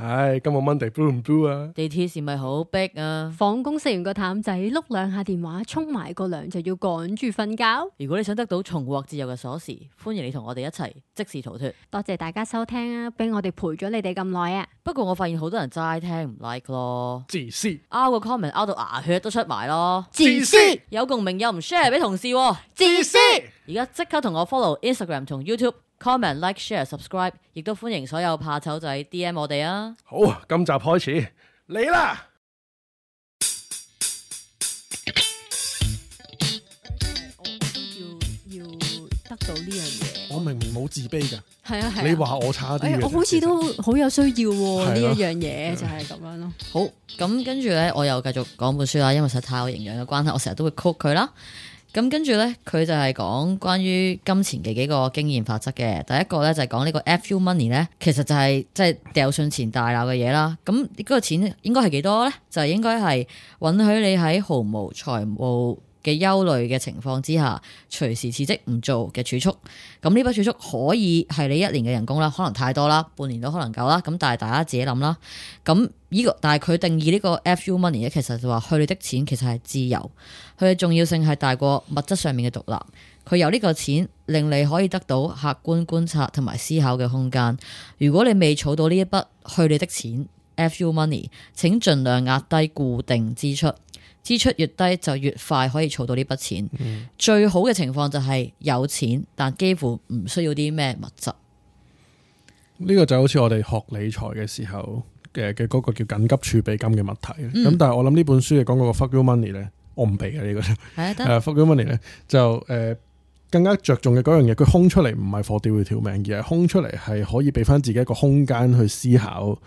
唉、哎，今日 Monday blue 唔 blue 啊？地鐵係咪好逼啊？放工食完個淡仔，碌兩下電話，沖埋個涼就要趕住瞓覺。如果你想得到重獲自由嘅鎖匙，歡迎你同我哋一齊即時逃脱。多謝大家收聽啊，俾我哋陪咗你哋咁耐啊！不過我發現好多人齋聽唔 like 咯，自私。拗個 comment 拗到牙血都出埋咯，自私。有共鳴又唔 share 俾 同事，自私。而家即刻同我 follow Instagram 同 YouTube。Comment、Like、Share、Subscribe，亦都歡迎所有怕醜仔 DM 我哋啊！好，今集開始嚟啦！我都要要得到呢樣嘢。我明明冇自卑噶。係啊係。啊你話我差啲嘅，哎。我好似都好有需要呢實、啊、一樣嘢，就係咁樣咯。啊、好，咁跟住咧，我又繼續講本書啦，因為實在太有營養嘅關係，我成日都會 quote 佢啦。咁跟住呢，佢就係講關於金錢嘅幾個經驗法則嘅。第一個呢，就係講呢個 FU money 呢，其實就係即係掉上前大鬧嘅嘢啦。咁、這、呢個錢應該係幾多呢？就應該係允許你喺毫無財務嘅憂慮嘅情況之下，隨時辭職唔做嘅儲蓄，咁呢筆儲蓄可以係你一年嘅人工啦，可能太多啦，半年都可能夠啦，咁但係大家自己諗啦。咁呢、這個但係佢定義呢個 F U Money 咧，其實就話去你的錢其實係自由，佢嘅重要性係大過物質上面嘅獨立。佢由呢個錢令你可以得到客觀觀察同埋思考嘅空間。如果你未儲到呢一筆去你的錢 F U Money，請盡量壓低固定支出。支出越低就越快可以儲到呢筆錢。嗯、最好嘅情況就係有錢，但幾乎唔需要啲咩物質。呢個就好似我哋學理財嘅時候嘅嘅嗰個叫緊急儲備金嘅物體。咁、嗯、但係我諗呢本書係講嗰個 fuck your money 咧，我唔俾嘅呢個。係啊、 uh, okay.，得。fuck your money 咧就誒更加着重嘅嗰樣嘢，佢空出嚟唔係放掉條命，而係空出嚟係可以俾翻自己一個空間去思考。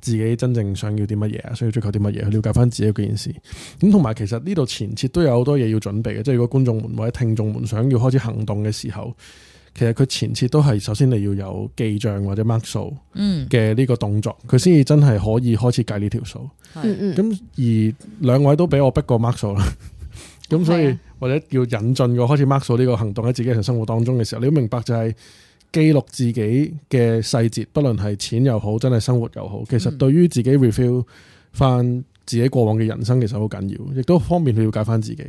自己真正想要啲乜嘢啊？想要追求啲乜嘢？去了解翻自己件事。咁同埋，其實呢度前設都有好多嘢要準備嘅。即係如果觀眾們或者聽眾們想要開始行動嘅時候，其實佢前設都係首先你要有記帳或者 mark 數嘅呢個動作，佢先至真係可以開始計呢條數。咁、嗯嗯、而兩位都俾我逼過 mark 數啦。咁 所以或者要引進我開始 mark 數呢個行動喺自己嘅生活當中嘅時候，你要明白就係、是。記錄自己嘅細節，不論係錢又好，真係生活又好，其實對於自己 reveal 翻自己過往嘅人生，其實好緊要，亦都方便去了解翻自己。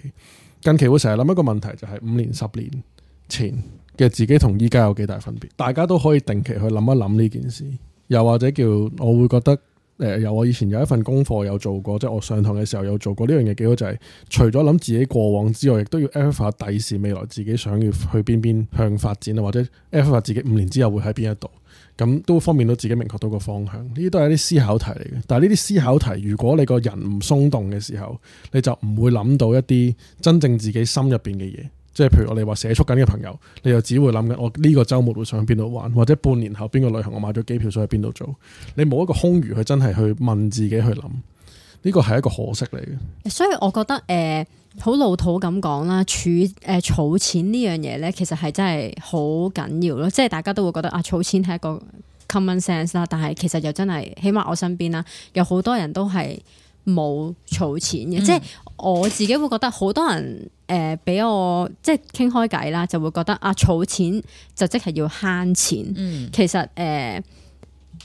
近期會成日諗一個問題，就係五年、十年前嘅自己同依家有幾大分別。大家都可以定期去諗一諗呢件事，又或者叫我會覺得。誒有我以前有一份功課有做過，即係我上堂嘅時候有做過呢樣嘢，幾好，就係除咗諗自己過往之外，亦都要 effort 底時未來自己想要去邊邊向發展啊，或者 effort 自己五年之後會喺邊一度，咁都方便到自己明確到個方向。呢啲都係啲思考題嚟嘅，但係呢啲思考題，如果你個人唔鬆動嘅時候，你就唔會諗到一啲真正自己心入邊嘅嘢。即係譬如我哋話寫促緊嘅朋友，你又只會諗緊我呢個周末會想邊度玩，或者半年後邊個旅行我買咗機票想去邊度做，你冇一個空餘去真係去問自己去諗，呢個係一個可惜嚟嘅。所以我覺得誒好、呃、老土咁講啦，儲誒、呃、儲錢呢樣嘢咧，其實係真係好緊要咯。即係大家都會覺得啊，儲錢係一個 common sense 啦，但係其實又真係，起碼我身邊啦，有好多人都係。冇儲錢嘅，嗯、即係我自己會覺得好多人誒俾、呃、我即係傾開偈啦，就會覺得啊儲錢就即係要慳錢。嗯、其實誒、呃，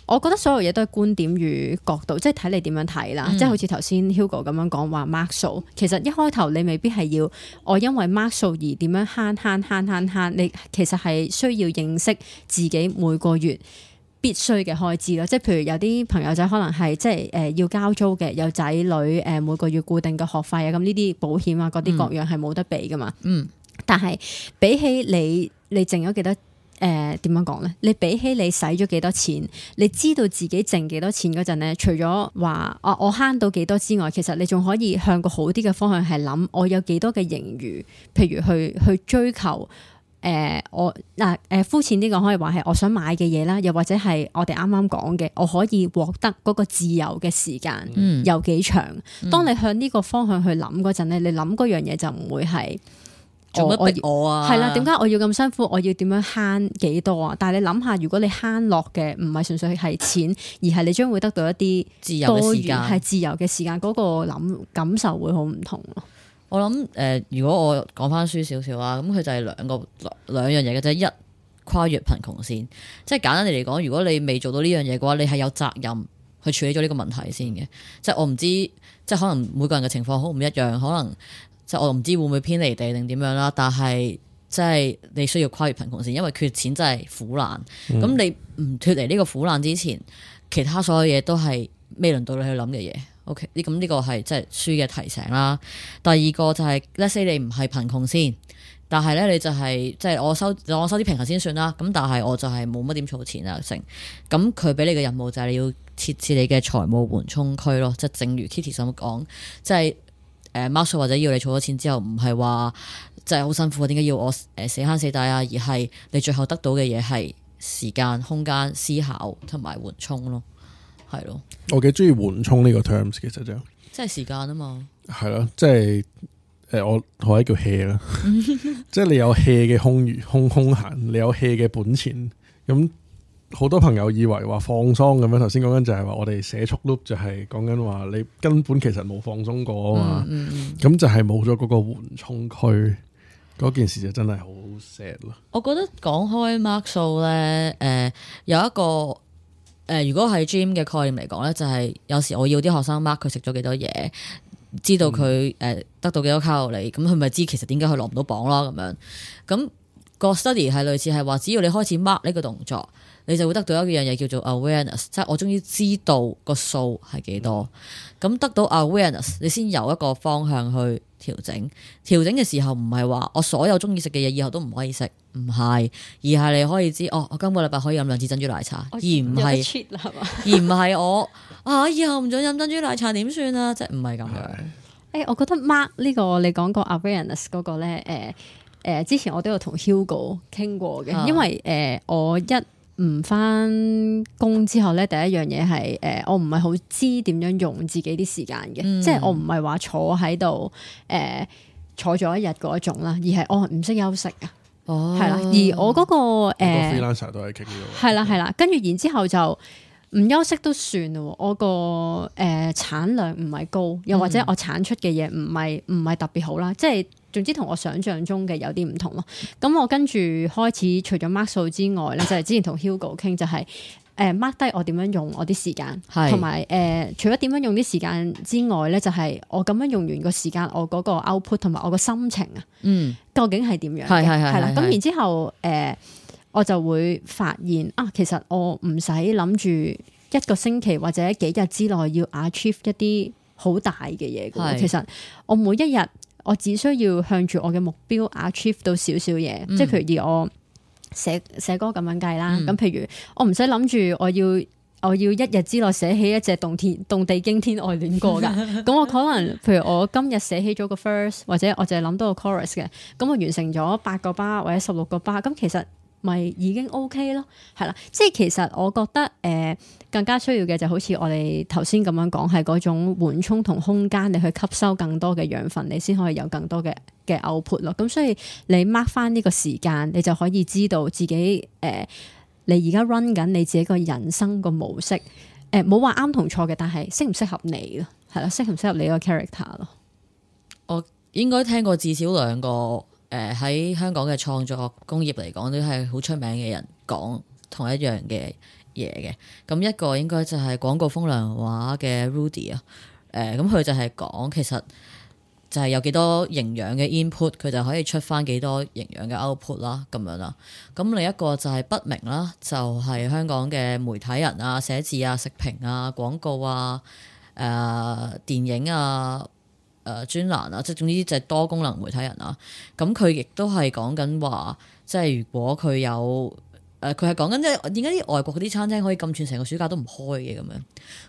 我覺得所有嘢都係觀點與角度，即係睇你點樣睇啦。嗯、即係好似頭先 Hugo 咁樣講話，mark 數其實一開頭你未必係要我因為 mark 數、so、而點樣慳慳慳慳慳，你其實係需要認識自己每個月。必須嘅開支囉，即係譬如有啲朋友仔可能係即係誒要交租嘅，有仔女誒每個月固定嘅學費啊，咁呢啲保險啊，嗰啲各樣係冇得畀㗎嘛。嗯但，但係比起你你剩咗幾多誒點、呃、樣講咧？你比起你使咗幾多錢，你知道自己剩幾多錢嗰陣咧，除咗話啊我慳到幾多之外，其實你仲可以向個好啲嘅方向係諗，我有幾多嘅盈餘，譬如去去追求。誒、呃、我嗱誒、呃呃、膚淺啲講可以話係我想買嘅嘢啦，又或者係我哋啱啱講嘅，我可以獲得嗰個自由嘅時間有幾長？嗯、當你向呢個方向去諗嗰陣咧，你諗嗰樣嘢就唔會係做乜逼我啊？係啦，點解我要咁、啊、辛苦？我要點樣慳幾多啊？但係你諗下，如果你慳落嘅唔係純粹係錢，而係你將會得到一啲自由嘅時間，係自由嘅時間嗰個諗感受會好唔同。我諗誒、呃，如果我講翻書少少啊，咁佢就係兩個兩樣嘢嘅啫，一跨越貧窮線，即係簡單地嚟講，如果你未做到呢樣嘢嘅話，你係有責任去處理咗呢個問題先嘅。即係我唔知，即係可能每個人嘅情況好唔一樣，可能即係我唔知會唔會偏離地定點樣啦。但係即係你需要跨越貧窮線，因為缺錢真係苦難。咁、嗯、你唔脫離呢個苦難之前，其他所有嘢都係未輪到你去諗嘅嘢。O K，呢，咁呢個係即係書嘅提醒啦。第二個就係，Let's say 你唔係貧窮先，但係咧你就係即係我收我收啲平衡先算啦。咁但係我就係冇乜點儲錢啊，成咁佢俾你嘅任務就係你要設置你嘅財務緩衝區咯。即係正如 Kitty 所講，即係誒 Marshall 或者要你儲咗錢之後，唔係話即係好辛苦啊？點解要我誒死慳死抵啊？而係你最後得到嘅嘢係時間、空間、思考同埋緩衝咯。係咯、呃，我幾中意緩衝呢個 terms，其實就即係時間啊嘛。係咯，即係誒，我可以叫 hea 啦。 即係你有 hea 嘅空餘、空空閒，你有 hea 嘅本錢。咁好多朋友以為話放鬆咁樣，頭先講緊就係話我哋寫速 loop 就係講緊話你根本其實冇放鬆過啊嘛。咁、嗯嗯嗯、就係冇咗嗰個緩衝區，嗰件事就真係好 sad 咯。我覺得講開 mark 數咧，誒，有一個。誒，如果係 gym 嘅概念嚟講咧，就係、係、有時我要啲學生 mark 佢食咗幾多嘢，知道佢誒得到幾多卡路里，咁佢咪知其實點解佢落唔到榜咯咁樣。咁、咁個 study 係類似係話，只要你開始 mark 呢個動作。你就會得到一樣嘢叫做 awareness，即係我終於知道個數係幾多。咁、嗯、得到 awareness，你先由一個方向去調整。調整嘅時候唔係話我所有中意食嘅嘢以後都唔可以食，唔係，而係你可以知哦，我今個禮拜可以飲兩次珍珠奶茶，而唔係 而唔係我啊，以後唔準飲珍珠奶茶點算啊？即係唔係咁樣？誒的、欸，我覺得 Mark 呢、呢個你講 aware、嗰個 awareness 嗰個咧，誒、呃、誒、呃，之前我都有同 Hugo 傾過嘅，因為誒、呃、我一。唔翻工之後咧，第一樣嘢係誒，我唔係好知點樣用自己啲時間嘅，嗯、即係我唔係話坐喺度誒坐咗一日嗰一種啦，而係我唔識休息啊，係啦、哦，而我嗰、嗰個誒，係啦，係啦，跟住、嗯、然之後就唔休息都算咯，我個誒、呃、產量唔係高，又或者我產出嘅嘢唔係唔係特別好啦，即係。總之，同我想象中嘅有啲唔同咯。咁我跟住開始，除咗 mark 數之外咧， 就係之前同 Hugo 傾，就係誒 mark 低我點樣用我啲時間，同埋誒除咗點樣用啲時間之外咧，就係、是、我咁樣用完個時間，我嗰個 output 同埋我個心情啊，嗯，究竟係點樣？係係係啦。咁然之後誒、呃，我就會發現啊，其實我唔使諗住一個星期或者幾日之內要 achieve 一啲好大嘅嘢是其實我每一日。我只需要向住我嘅目標 achieve 到少少嘢，即係譬如我寫寫歌咁樣計啦。咁譬如我唔使諗住我要我要一日之內寫起一隻動天動地驚天愛戀過㗎。咁 我可能譬如我今日寫起咗個 first，或者我淨係諗到個 chorus 嘅。咁我完成咗八個巴或者十六個巴。咁其實，咪已經 OK 咯，係啦，即係其實我覺得誒、呃、更加需要嘅就好似我哋頭先咁樣講，係嗰種緩衝同空間，你去吸收更多嘅養分，你先可以有更多嘅嘅 output 咯。咁、嗯、所以你 mark 翻呢個時間，你就可以知道自己誒、呃、你而家 run 緊你自己個人生個模式，誒冇話啱同錯嘅，但係適唔適合你咯，係啦，適唔適合你個 character 咯。我應該聽過至少兩個。誒喺香港嘅創作工業嚟講，都係好出名嘅人講同一樣嘅嘢嘅。咁一個應該就係廣告風涼話嘅 Rudy 啊、呃。誒，咁佢就係講其實就係有幾多營養嘅 input，佢就可以出返幾多營養嘅 output 啦。咁樣啦。咁另一個就係不明啦，就係、是、香港嘅媒體人啊、寫字啊、食評啊、廣告啊、誒、呃、電影啊。誒、呃、專欄啊，即係總之就多功能媒體人啊，咁佢亦都係講緊話，即係如果佢有誒，佢係講緊即係，而家啲外國嗰啲餐廳可以禁斷成個暑假都唔開嘅咁樣，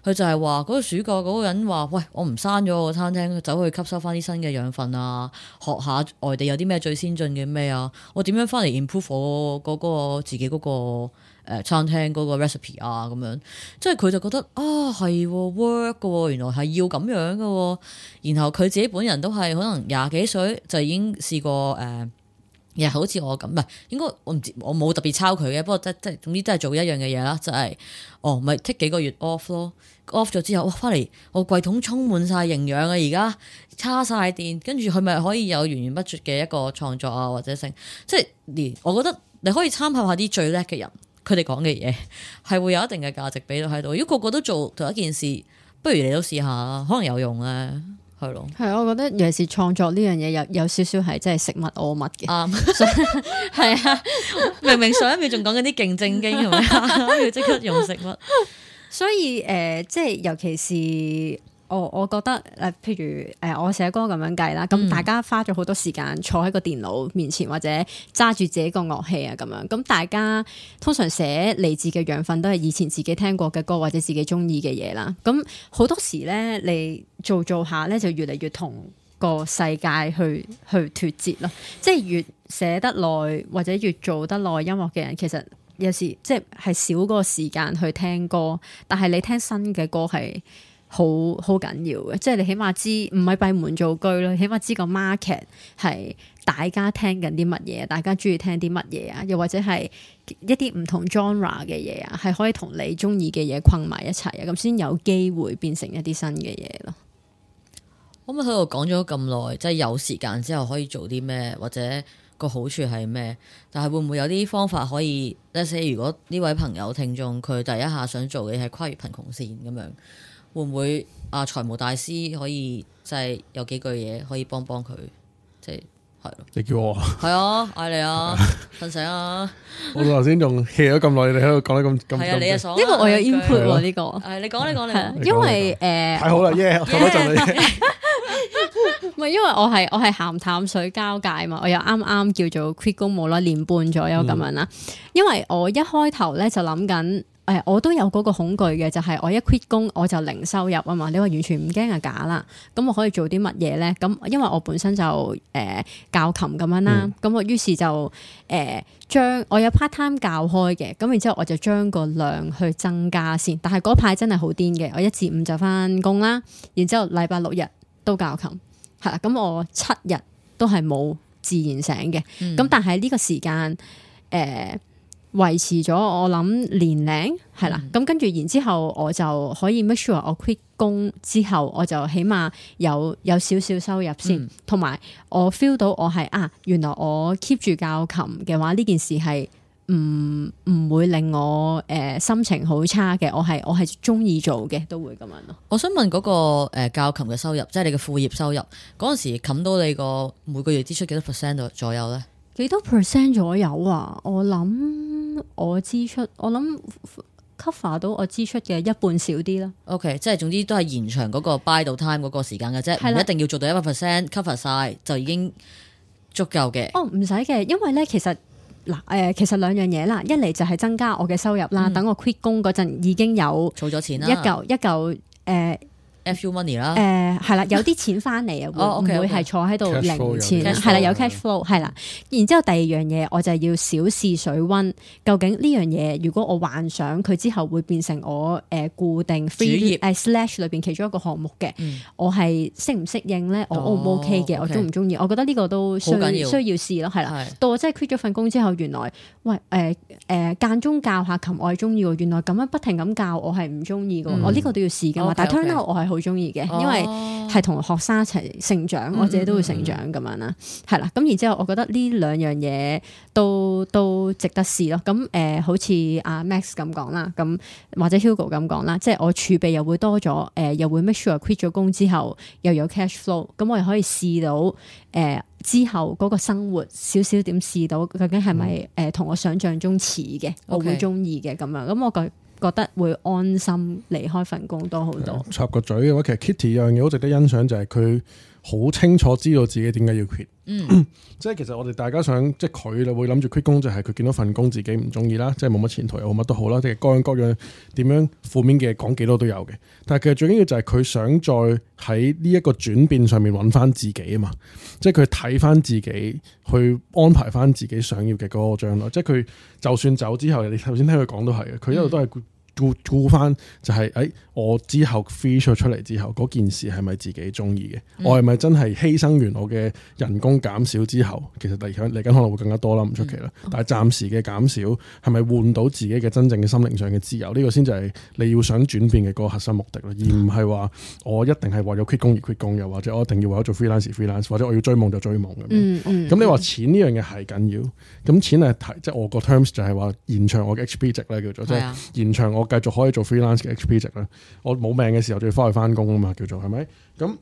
佢就係話嗰個暑假嗰個人話，喂，我唔閂咗我個餐廳，走去吸收翻啲新嘅養分啊，學下外地有啲咩最先進嘅咩啊，我點樣翻嚟 improve 我嗰、那個自己嗰、那個。誒餐廳嗰個 recipe 啊，咁樣即係佢就覺得啊係、哦、work 嘅，原來係要咁樣嘅。然後佢自己本人都係可能廿幾歲就已經試過誒、呃啊，好似我咁唔係應該，我唔知，我冇特別抄佢嘅，不過即即總之真係做一樣嘅嘢啦，就係、是、哦咪 take 幾個月 off 咯，off 咗之後哇翻嚟我櫃桶充滿晒營養啊，而家叉晒電，跟住佢咪可以有源源不絕嘅一個創作啊，或者剩即係連我覺得你可以參考下啲最叻嘅人。佢哋講嘅嘢，係會有一定嘅價值俾到喺度，如果個個都做同一件事，不如你都試下可能有用咧，係咯。係啊，我覺得尤其是創作呢樣嘢，有有少少係即係食物屙物嘅。啊，係啊，明明上一秒仲講緊啲勁正經，係咪？我要即刻用食物，所以誒、即、呃、係尤其是。我、哦、我覺得誒，譬如誒，我寫歌咁樣計啦，咁、嗯、大家花咗好多時間坐喺個電腦面前，或者揸住自己個樂器啊，咁樣，咁大家通常寫嚟自嘅養分都係以前自己聽過嘅歌，或者自己中意嘅嘢啦。咁好多時咧，你做做下咧，就越嚟越同個世界去去脫節咯。即係越寫得耐或者越做得耐音樂嘅人，其實有時即係少個時間去聽歌，但係你聽新嘅歌係好好緊要嘅，即係你起碼知唔係閉門造車咯，你起碼知個 market 係大家聽緊啲乜嘢，大家中意聽啲乜嘢啊，又或者係一啲唔同 genre 嘅嘢啊，係可以同你中意嘅嘢困埋一齊啊，咁先有機會變成一啲新嘅嘢咯。可唔可以喺度講咗咁耐，即係有時間之後可以做啲咩，或者個好處係咩？但係會唔會有啲方法可以？即係如果呢位朋友聽眾佢第一下想做嘅係跨越貧窮線咁樣？會唔會啊？財務大師可以即係有幾句嘢可以幫幫佢，即係係咯。你叫我啊？係啊，嗌你啊，瞓醒啊！我頭先仲 hea 咗咁耐，你喺度講得咁咁。係啊，你啊爽呢個我有 input 呢個。係你講，你講你。因為誒，太好啦，耶！咁多助你！唔係，因為我係我係鹹淡水交界嘛，我又啱啱叫做 quit 公務啦，年半左右咁樣啦。因為我一開頭咧就諗緊。誒、哎，我都有嗰個恐懼嘅，就係、是、我一 quit 工我就零收入啊嘛。你話完全唔驚啊假啦。咁我可以做啲乜嘢咧？咁因為我本身就誒、呃、教琴咁樣啦，咁我於是就誒將、呃、我有 part time 教開嘅，咁然之後我就將個量去增加先。但係嗰排真係好癲嘅，我一至五就返工啦，然之後禮拜六日都教琴，係啊。咁我七日都係冇自然醒嘅。咁、嗯、但係呢個時間誒。呃維持咗，我諗年齡係啦，咁跟住然之後我就可以 make sure 我 quit 工之後，我就起碼有有少少收入先，同埋、嗯、我 feel 到我係啊，原來我 keep 住教琴嘅話，呢件事係唔唔會令我誒、呃、心情好差嘅，我係我係中意做嘅，都會咁樣咯。我想問嗰、那個誒、呃、教琴嘅收入，即、就、係、是、你嘅副業收入嗰陣時，冚到你個每個月支出幾多 percent 度左右咧？幾多 percent 左右啊？我諗我支出，我諗 cover 到我支出嘅一半少啲啦。OK，即係總之都係延長嗰個 buy 到 time 嗰個時間嘅啫，唔一定要做到一百 percent cover 晒就已經足夠嘅。哦，唔使嘅，因為咧，其實嗱，誒、呃，其實兩樣嘢啦，一嚟就係增加我嘅收入啦，嗯、等我 quit 工嗰陣已經有儲咗錢啦，一嚿一嚿誒。呃 FU money 啦，誒係啦，有啲錢翻嚟啊，我唔會係坐喺度零錢，係啦，有 cash flow，係啦，然之後第二樣嘢我就要小試水溫，究竟呢樣嘢如果我幻想佢之後會變成我誒固定副業誒 slash 裏邊其中一個項目嘅，我係適唔適應咧？我 O 唔 OK 嘅？我中唔中意？我覺得呢個都需需要試咯，係啦。到我真係 quit 咗份工之後，原來喂誒誒間中教下琴，我係中意喎。原來咁樣不停咁教，我係唔中意嘅。我呢個都要試嘅嘛。但係 turner 我係好。好中意嘅，因為係同學生一齊成長，嗯嗯嗯嗯嗯我自己都會成長咁樣啦，係啦。咁然之後，我覺得呢兩樣嘢都都值得試咯。咁誒、呃，好似阿、啊、Max 咁講啦，咁或者 Hugo 咁講啦，即係我儲備又會多咗，誒、呃，又會 make sure quit 咗工之後又有 cash flow，咁我又可以試到，誒、呃，之後嗰個生活少少點試到究竟係咪誒同我想象中似嘅？嗯、我會中意嘅咁樣，咁我覺。覺得會安心離開份工多好多，嗯。插個嘴嘅話，其實 Kitty 有樣嘢好值得欣賞，就係、是、佢。好清楚知道自己點解要 quit 即係其實我哋大家想，即係佢就會諗住 quit 工就係佢見到份工自己唔中意啦，即係冇乜前途又冇乜都好啦，即係各樣各樣點樣負面嘅講幾多都有嘅。但係其實最緊要就係佢想再喺呢一個轉變上面揾翻自己啊嘛，即係佢睇翻自己，去安排翻自己想要嘅嗰個將來咯。即係佢就算走之後，你頭先聽佢講都係嘅，佢一路都係。嗯估估翻就係、是、誒、欸，我之後 freelance 出嚟之後，嗰件事係咪自己中意嘅？我係咪真係犧牲完我嘅人工減少之後，其實嚟緊嚟緊可能會更加多啦，唔出奇啦。但係暫時嘅減少係咪、嗯嗯、換到自己嘅真正嘅心靈上嘅自由？呢、這個先就係你要想轉變嘅嗰個核心目的啦，而唔係話我一定係為咗 quit 工而 quit 工，又或者我一定要為咗做、er, freelance freelance，或者我要追夢就追夢咁。咁、嗯、你話錢呢樣嘢係緊要？咁錢係提即係我個 terms 就係話延長我嘅 HP 值咧叫做，即係延長我。我繼續可以做 freelance 嘅 H.P 值咧，我冇命嘅時候就要翻去翻工吖嘛，叫做係咪？咁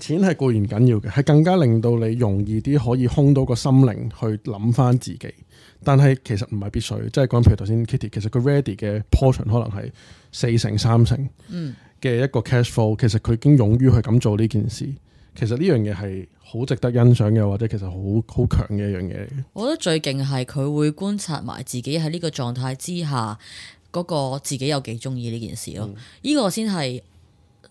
錢係固然緊要嘅，係更加令到你容易啲可以空到個心靈去諗翻自己。但係其實唔係必須，即係講譬如頭先 Kitty，其實佢 ready 嘅 portion 可能係四成三成，嗯嘅一個 cash flow，其實佢已經勇於去咁做呢件事。其實呢樣嘢係好值得欣賞嘅，或者其實好好強嘅一樣嘢。我覺得最勁係佢會觀察埋自己喺呢個狀態之下。嗰個自己有幾中意呢件事咯？呢、嗯、個先係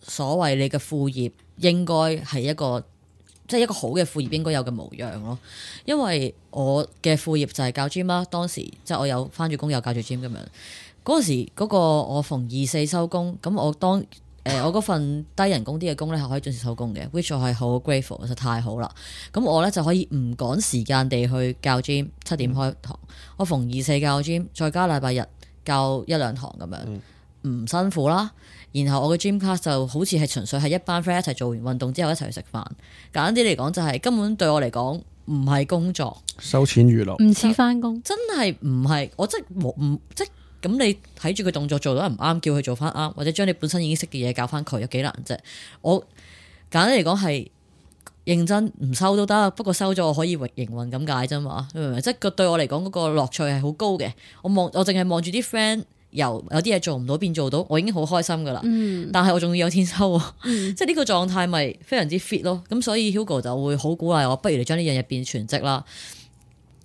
所謂你嘅副業應該係一個，即係一個好嘅副業應該有嘅模樣咯。因為我嘅副業就係教 gym 啦。當時即係我有返住工又教住 gym 咁樣嗰陣時、那個，嗰個我逢二四收工咁，我當誒我嗰份低人工啲嘅工咧，係可以準時收工嘅，which 我係好 grateful，實太好啦。咁我咧就可以唔趕時間地去教 gym，七點開堂。我逢二四教 gym，再加禮拜日。教一兩堂咁樣，唔辛苦啦。然後我嘅 gym class 就好似係純粹係一班 friend 一齊做完運動之後一齊去食飯。簡單啲嚟講就係根本對我嚟講唔係工作，收錢娛樂，唔似翻工，真係唔係。我即係冇，唔即係咁你睇住佢動作做得唔啱，叫佢做翻啱，或者將你本身已經識嘅嘢教翻佢，有幾難啫？我簡單嚟講係。認真唔收都得，不過收咗我可以營運咁解啫嘛，明唔明？即係個對我嚟講嗰個樂趣係好高嘅。我望我淨係望住啲 friend，由有啲嘢做唔到變做到，我已經好開心噶啦。嗯、但係我仲要有錢收，即係呢個狀態咪非常之 fit 咯。咁所以 Hugo 就會好鼓勵我，不如你將呢樣嘢變全職啦。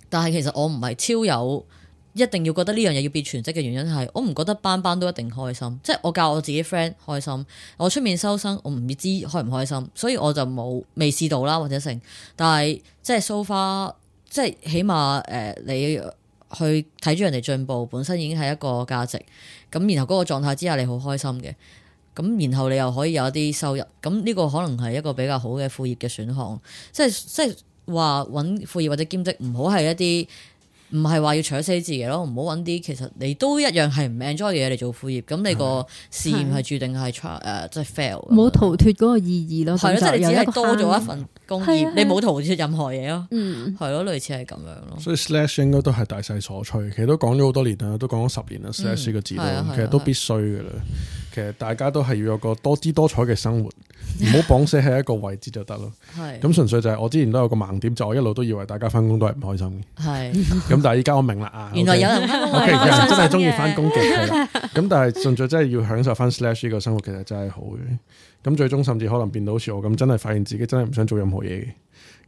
但係其實我唔係超有。一定要覺得呢樣嘢要變全職嘅原因係，我唔覺得班班都一定開心，即係我教我自己 friend 開心，我出面收生我唔知開唔開心，所以我就冇未試到啦或者成。但係即係 so far，即係起碼誒，你去睇住人哋進步，本身已經係一個價值。咁然後嗰個狀態之下，你好開心嘅。咁然後你又可以有一啲收入，咁呢個可能係一個比較好嘅副業嘅選項。即係即係話揾副業或者兼職，唔好係一啲。唔係話要慳死自己咯，唔好揾啲其實你都一樣係唔 enjoy 嘅嘢嚟做副業，咁的你個試驗係注定係誒即係 fail，冇逃脫嗰個意義咯，係咯更快 了，即係你只係多咗一份工業，嗯、你冇逃脫任何嘢咯，嗯，係咯，類似係咁樣咯。所以 slash 應該都係大勢所趨，其實都講咗好多年啦，都講咗十年啦，slash 個字都，嗯、其實都必須噶啦，其實大家都係要有個多姿多彩嘅生活。唔好綁死喺一個位置就得咯，咁純是粹就係我之前都有個盲點，就是、我一路都以為大家翻工都係唔開心嘅，係是，咁但係依家我明啦啊， okay? 原來有人，OK，有人真係中意翻工嘅，咁 但係純粹真係要享受翻 slash 呢個生活，其實真係好嘅，咁最終甚至可能變到好似我咁，真係發現自己真係唔想做任何嘢。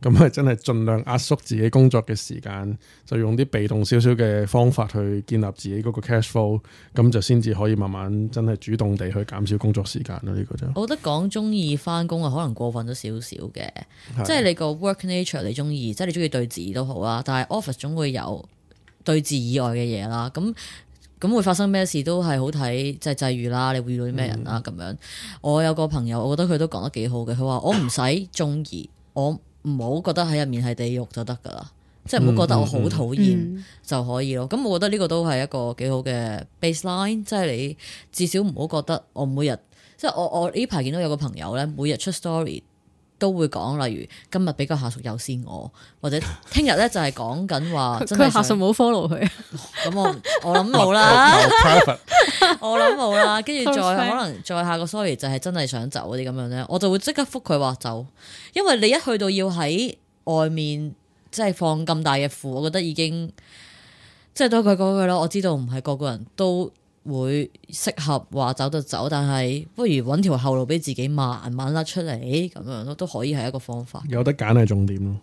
咁咪真係盡量壓縮自己工作嘅時間，就用啲被動少少嘅方法去建立自己嗰個 cash flow，咁就先至可以慢慢真係主動地去減少工作時間啦。呢、這個就我覺得講中意翻工啊，可能過分咗少少嘅。的即係你個 work nature 你中意，即係你中意對字都好啦。但係 office 總會有對字以外嘅嘢啦，咁咁會發生咩事都係好睇，就係際遇啦，你會遇到啲咩人啦，咁、嗯、樣。我有個朋友，我覺得佢都講得幾好嘅，佢話我唔使中意我。 唔好覺得喺入面係地獄就得㗎喇，嗯嗯嗯、即係唔好覺得我好討厭就可以囉。咁、嗯嗯嗯、我覺得呢個都係一個幾好嘅 baseline，即係你至少唔好覺得我每日，即係我我呢排見到有個朋友咧，每日出 story。都會講，例如今日俾個下屬有先我，或者聽日咧就係講緊話，真係下屬冇 follow 佢。咁、哦、我我諗冇啦，我諗冇啦。跟住 再 可能再下個 sorry 就係真係想走嗰啲咁樣咧，我就會即刻覆佢話走，因為你一去到要喺外面即係放咁大嘅苦，我覺得已經即係多佢嗰句咯。我知道唔係個個人都。會適合話走就走，但係不如揾條後路俾自己慢慢甩出嚟咁樣咯，都可以係一個方法有。有得揀係重點咯，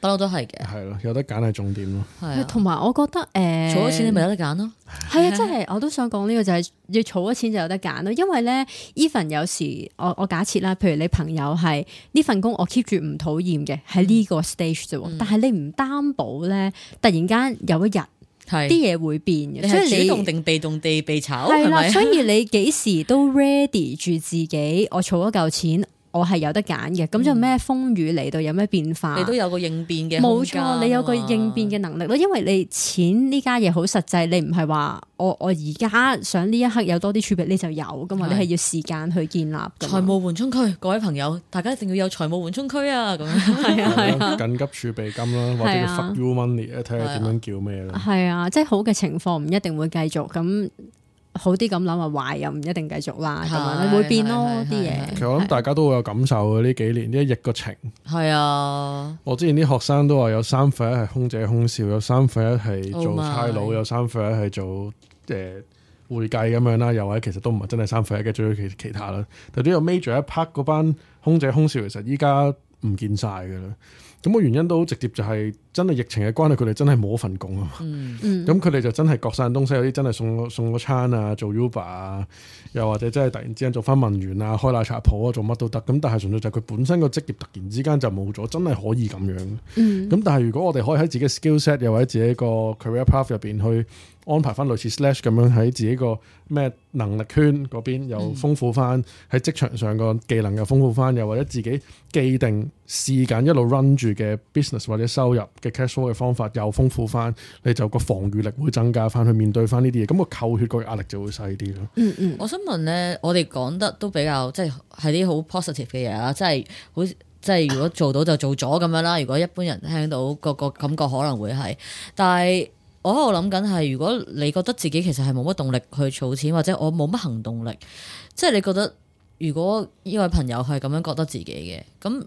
不嬲都係嘅，係咯、啊，有得揀係重點咯。係同埋我覺得，誒、呃，儲咗錢你咪有得揀咯，係啊，即係、啊、我都想講呢、這個就係、是、要儲咗錢就有得揀咯，因為咧 even 有時我我假設啦，譬如你朋友係呢份工我，我 keep 住唔討厭嘅，喺呢個 stage 啫，嗯、但係你唔擔保咧，突然間有一日。係啲嘢會變嘅，你係主動定被動地被炒，係啦。所以你幾吧時都 ready 住自己，我儲咗嚿錢。我係有得揀嘅，咁就咩風雨嚟到有咩變化，你都有個應變嘅，冇錯，你有個應變嘅能力咯。因為你錢呢家嘢好實際，你唔係話我我而家想呢一刻有多啲儲備，你就有㗎嘛。你係要時間去建立。財務緩衝區，各位朋友，大家一定要有財務緩衝區啊！咁緊急儲備金啦，或者 fuck you money 睇下點樣叫咩啦。係啊，即係好嘅情況唔一定會繼續咁。好啲咁諗啊，壞又唔一定繼續啦，係咪？你會變咯啲嘢。其實我諗大家都會有感受嘅呢幾年，呢一疫個情係啊。的我之前啲學生都話有三份一係空姐空少，有三份一係做差佬，oh、my. 有三份一係做誒、呃、會計咁樣啦。又或者其實都唔係真係三份一嘅，仲有其其他啦。但呢個 major 一 part 嗰班空姐空少，其實依家唔見晒噶啦。咁個原因都好直接就係、是。真係疫情嘅關係，佢哋真係冇份工啊！咁佢哋就真係各散東西，有啲真係送送個餐啊，做 Uber 啊，又或者真係突然之間做翻文員啊，開奶茶鋪啊，做乜都得。咁但係純粹就係佢本身個職業突然之間就冇咗，嗯、真係可以咁樣。咁、嗯、但係如果我哋可以喺自己 skillset 又或者自己個 career path 入邊去安排翻類似 slash 咁樣喺自己個咩能力圈嗰邊又豐富翻，喺、嗯、職場上個技能又豐富翻，又或者自己既定時間一路 run 住嘅 business 或者收入。cash flow 嘅方法又豐富翻，你就個防禦力會增加翻，去面對翻呢啲嘢，咁個扣血嗰個壓力就會細啲咯。嗯嗯，我想問咧，我哋講得都比較即係係啲好 positive 嘅嘢啦，即係好即係如果做到就做咗咁樣啦。如果一般人聽到個個感覺可能會係，但係我喺度諗緊係，如果你覺得自己其實係冇乜動力去儲錢，或者我冇乜行動力，即係你覺得如果呢位朋友係咁樣覺得自己嘅，咁。